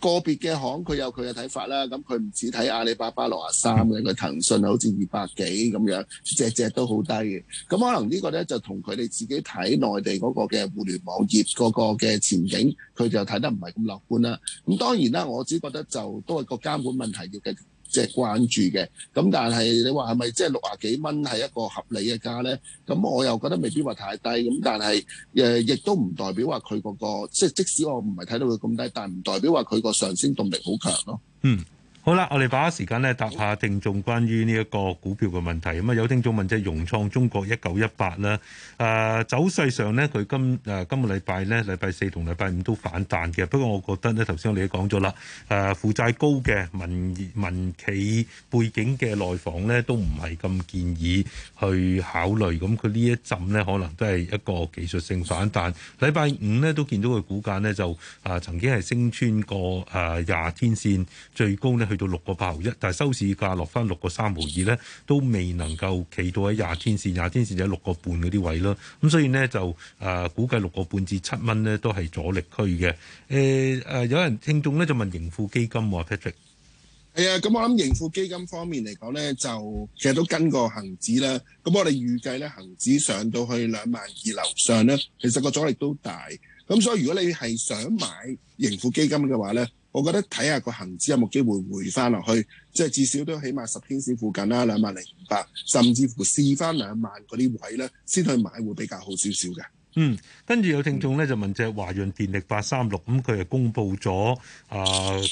個別嘅行佢有佢嘅睇法啦，咁佢唔似睇阿里巴巴六啊三嘅，佢騰訊好似二百幾咁樣，只只都好低嘅。咁可能呢個呢，就同佢哋自己睇內地嗰個嘅互聯網業嗰個嘅前景，佢就睇得唔係咁樂觀啦。咁當然啦，我只覺得就都係個監管問題要繼續即係關注嘅，咁但係你話係咪即係六啊幾蚊係一個合理嘅價呢？咁我又覺得未必話太低，咁但係誒，亦都唔代表話佢嗰個，即係即使我唔係睇到佢咁低，但係唔代表話佢個上升動力好強咯。嗯。好啦，我哋把握時間咧，答下聽眾關於呢一個股票嘅問題。咁啊，有聽眾問即係融創中國一九一八啦。誒，走勢上呢，佢今誒、呃、今個禮拜咧，禮拜四同禮拜五都反彈嘅。不過我覺得呢，頭先我哋都講咗啦，誒、呃、負債高嘅民民企背景嘅內房咧，都唔係咁建議去考慮。咁佢呢一陣呢，可能都係一個技術性反彈。禮拜五呢，都見到佢股價呢，就啊、呃、曾經係升穿過誒廿天線，最高呢。去到六個八毫一，但係收市價落翻六個三毫二咧，都未能夠企到喺廿天線，廿天線就喺六個半嗰啲位啦。咁所以呢，就啊，估計六個半至七蚊呢，都係阻力區嘅。誒、欸、誒，有人聽眾咧就問盈富基金啊，Patrick？係啊，咁我諗盈富基金方面嚟講咧，就其實都跟過恒指啦。咁我哋預計咧，恒指上到去兩萬二樓上咧，其實個阻力都大。咁所以如果你係想買盈富基金嘅話咧，我覺得睇下個恆指有冇機會回翻落去，即係至少都起碼十天線附近啦，兩萬零五百，甚至乎試翻兩萬嗰啲位呢，先去買會比較好少少嘅。嗯，跟住有聽眾咧就問隻華潤電力八三六，咁佢又公布咗啊，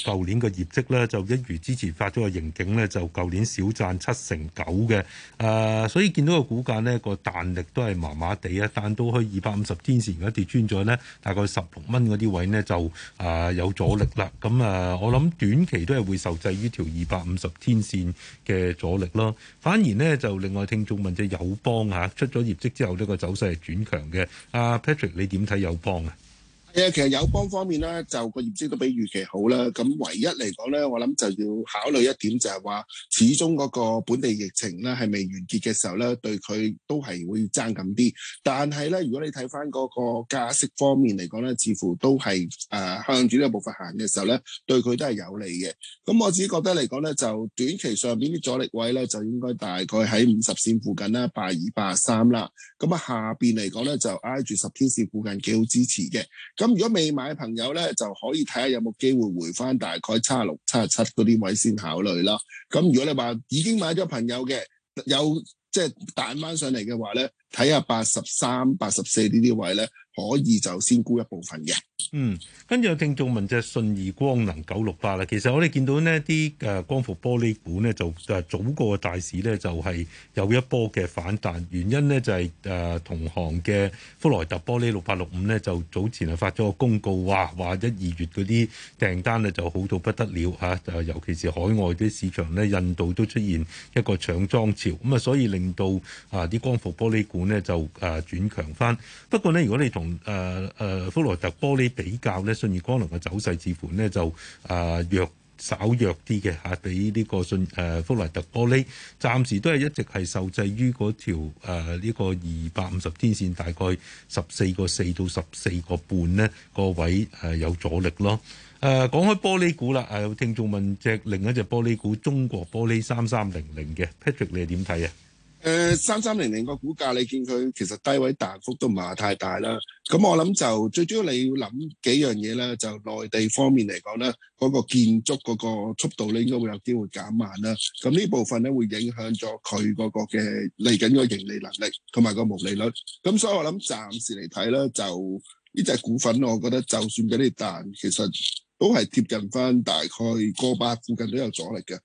舊、呃、年嘅業績咧就一如之前發咗個盈警咧，就舊年少賺七成九嘅，啊、呃，所以見到個股價呢，個彈力都係麻麻地啊，但到去二百五十天線而家跌穿咗呢，大概十六蚊嗰啲位呢，就、呃、啊有阻力啦，咁啊，我諗短期都係會受制於條二百五十天線嘅阻力咯，反而呢，就另外聽眾問隻友邦嚇出咗業績之後呢，個走勢係轉強嘅。阿 Patrick，你點睇友邦啊？其實友邦方面咧，就個業績都比預期好啦。咁唯一嚟講咧，我諗就要考慮一點就，就係話始終嗰個本地疫情咧係未完結嘅時候咧，對佢都係會爭緊啲。但係咧，如果你睇翻嗰個加息方面嚟講咧，似乎都係、呃、向住呢個步伐行嘅時候咧，對佢都係有利嘅。咁我自己覺得嚟講咧，就短期上面啲阻力位咧，就應該大概喺五十線附近啦，八二八三啦。咁啊，下邊嚟講咧，就挨住十天線附近幾好支持嘅。咁如果未買嘅朋友咧，就可以睇下有冇機會回翻大概七十六、七十七嗰啲位先考慮啦。咁如果你話已經買咗朋友嘅，有即係彈翻上嚟嘅話咧。睇下八十三、八十四呢啲位咧，可以就先沽一部分嘅。嗯，跟住有聽眾問，就係信義光能九六八啦。其實我哋見到呢啲誒光伏玻璃股咧，就誒早過大市咧，就係、是、有一波嘅反彈。原因咧就係、是、誒、啊、同行嘅福萊特玻璃六八六五咧，就早前啊發咗個公告，話話一二月嗰啲訂單咧就好到不得了吓、啊，就尤其是海外啲市場咧，印度都出現一個搶裝潮，咁啊，所以令到啊啲光伏玻璃股咧就誒轉強翻，不過呢，如果你同誒誒福萊特玻璃比較呢，信義光能嘅走勢似乎呢就誒、呃、弱稍弱啲嘅嚇，比呢個信誒、呃、福萊特玻璃暫時都係一直係受制於嗰條呢、呃這個二百五十天線，大概十四個四到十四個半呢個位誒、呃、有阻力咯。誒、呃、講開玻璃股啦，啊有聽眾問隻另一隻玻璃股中國玻璃三三零零嘅 Patrick，你係點睇啊？誒，三三零零個股價你見佢其實低位彈幅都唔係太大啦，咁我諗就最主要你要諗幾樣嘢啦，就內地方面嚟講咧，嗰、嗰個建築嗰個速度咧應該會有機會減慢啦，咁呢部分咧會影響咗佢嗰個嘅嚟緊個盈利能力同埋個毛利率，咁所以我諗暫時嚟睇咧就呢隻、呢個股份，我覺得就算俾你彈，其實都係貼近翻大概個八附近都有阻力嘅。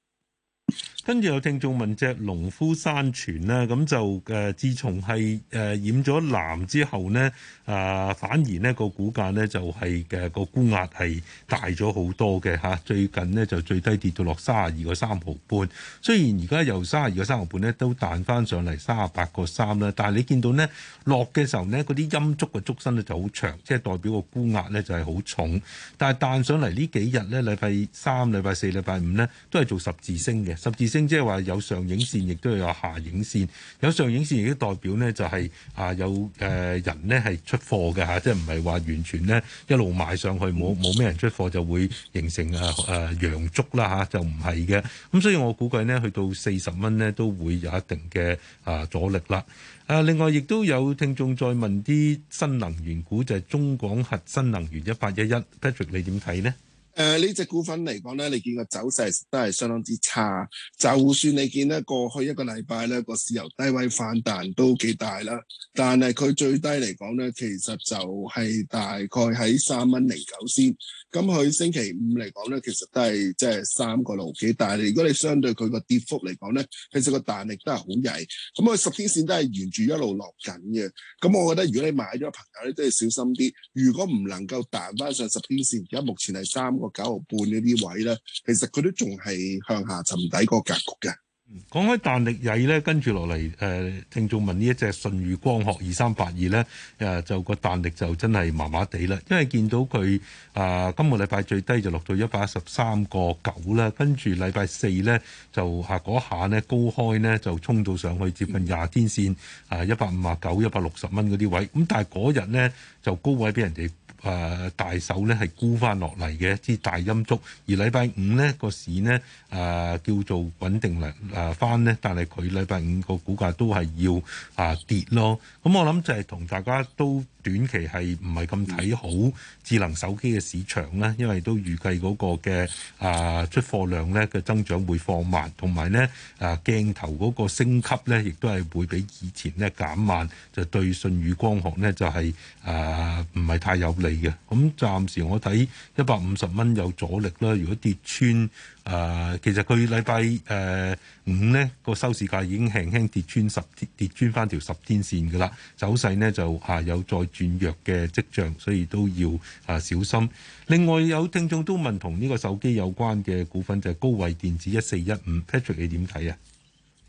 跟住有聽眾問隻農夫山泉啦，咁就誒、呃、自從係誒染咗藍之後呢、呃就是那個，啊反而呢個股價呢，就係嘅個沽壓係大咗好多嘅吓，最近呢，就最低跌到落三十二個三毫半，雖然而家由三十二個三毫半彈 3, 呢，都彈翻上嚟三十八個三啦，但係你見到呢落嘅時候呢，嗰啲陰燭嘅燭身呢就好長，即、就、係、是、代表個沽壓呢就係好重，但係彈上嚟呢幾日呢，禮拜三、禮拜四、禮拜五呢，都係做十字星嘅。十字星即係話有上影線，亦都有下影線。有上影線，亦都代表呢，就係啊有誒人呢係出貨嘅吓，即係唔係話完全呢一路賣上去冇冇咩人出貨就會形成誒誒陽燭啦吓，就唔係嘅。咁所以我估計呢，去到四十蚊呢都會有一定嘅啊阻力啦。啊，另外亦都有聽眾再問啲新能源股，就係中廣核新能源一八一一，Patrick，你點睇呢？誒、呢、呃、隻股份嚟講咧，你見個走勢都係相當之差。就算你見咧過去一個禮拜咧個市由低位反彈都幾大啦，但係佢最低嚟講咧，其實就係大概喺三蚊零九先。咁、嗯、佢星期五嚟講咧，其實都係即係三個六幾，但係如果你相對佢個跌幅嚟講咧，其實個彈力都係好曳。咁佢十天綫都係沿住一路落緊嘅。咁、嗯、我覺得如果你買咗朋友咧都係小心啲。如果唔能夠彈翻上十天綫，而家目前係三。九毫半呢啲位咧，其實佢都仲係向下沉底嗰個格局嘅、嗯。講開彈力曳咧，跟住落嚟誒，聽眾問呢一隻舜宇光學二三八二咧，誒就個彈力就真係麻麻地啦，因為見到佢啊、呃，今個禮拜最低就落到 9, 就一百一十三個九啦，跟住禮拜四咧就下嗰下咧高開呢，就衝到上去接近廿天線啊，一百五啊九、一百六十蚊嗰啲位，咁但係嗰日咧就高位俾人哋。啊、大手咧係沽翻落嚟嘅一支大陰燭，而禮拜五咧個市呢、啊、叫做穩定嚟誒翻呢但係佢禮拜五個股價都係要、啊、跌咯。咁、嗯、我諗就係同大家都。短期係唔係咁睇好智能手機嘅市場呢？因為都預計嗰個嘅啊出貨量咧嘅增長會放慢，同埋咧啊鏡頭嗰個升級咧，亦都係會比以前咧減慢，就對舜宇光學咧就係啊唔係太有利嘅。咁暫時我睇一百五十蚊有阻力啦。如果跌穿、啊、其實佢禮拜五呢個收市價已經輕輕跌穿十跌穿翻條十天線噶啦，走勢呢就啊有再轉弱嘅跡象，所以都要啊小心。另外有聽眾都問同呢個手機有關嘅股份就係高偉電子一四一五 Patrick，你點睇啊？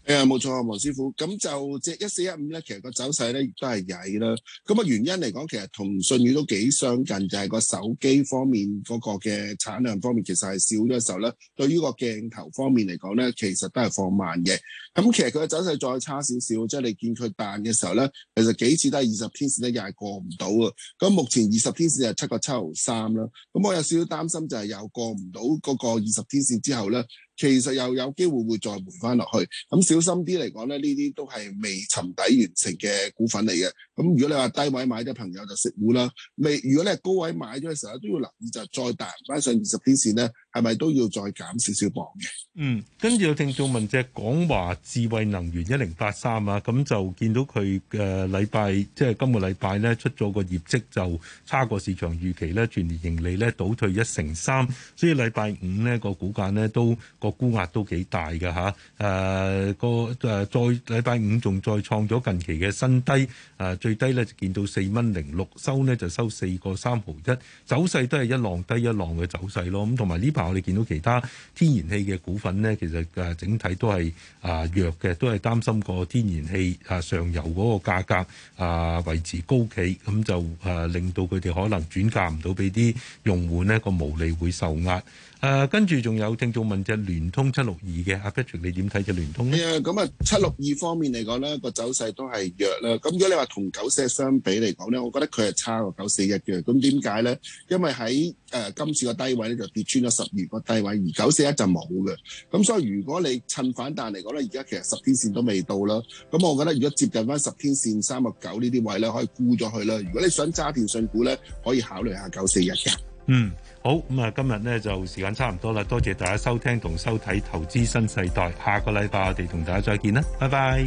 係啊，冇錯啊，黃師傅。咁就即一四一五咧，其實個走勢咧亦都係曳啦。咁啊原因嚟講，其實同信宇都幾相近，就係個手機方面嗰個嘅產量方面，其實係少咗時候咧。對於個鏡頭方面嚟講咧，其實都係放慢嘅。咁其實佢嘅走勢再差少少，即係你見佢彈嘅時候咧，其實幾次都係二十天線咧又係過唔到啊。咁目前二十天線係七個七毫三啦。咁我有少少擔心就係又過唔到嗰個二十天線之後咧。其實又有機會會再回翻落去，咁小心啲嚟講咧，呢啲都係未沉底完成嘅股份嚟嘅。咁如果你話低位買嘅朋友就食糊啦，未如果你係高位買咗嘅時候咧，都要留意就係再彈唔返上二十天線咧，係咪都要再減少少磅嘅？嗯，跟住有聽眾問隻港華智慧能源一零八三啊，咁就見到佢嘅禮拜，即係今個禮拜咧出咗個業績就差過市場預期咧，全年盈利咧倒退一成三，所以禮拜五咧個股價咧都個沽壓都幾大㗎吓，誒個誒再禮拜五仲再創咗近期嘅新低誒。最低呢就見到四蚊零六收呢就收四個三毫一，走勢都係一浪低一浪嘅走勢咯。咁同埋呢排我哋見到其他天然氣嘅股份呢，其實整體都係啊弱嘅，都係擔心個天然氣啊上游嗰個價格啊維持高企，咁就、啊、令到佢哋可能轉嫁唔到俾啲用戶呢、個毛利會受壓。誒、啊，跟住仲有正仲問隻聯通七六二嘅阿 Patrick，你點睇隻聯通咧？咁啊，七六二方面嚟講咧，個走勢都係弱啦。咁如果你話同九四一相比嚟講咧，我覺得佢係差過九四一嘅。咁點解咧？因為喺誒今次個低位咧就跌穿咗十二個低位，而九四一就冇嘅。咁所以如果你趁反彈嚟講咧，而家其實十天線都未到啦。咁我覺得如果接近翻十天線三個九呢啲位咧，可以沽咗佢啦。如果你想揸電訊股咧，可以考慮下九四一嘅。嗯。好，咁啊，今日咧就時間差唔多啦，多謝大家收聽同收睇《投資新世代》，下個禮拜我哋同大家再見啦，拜拜。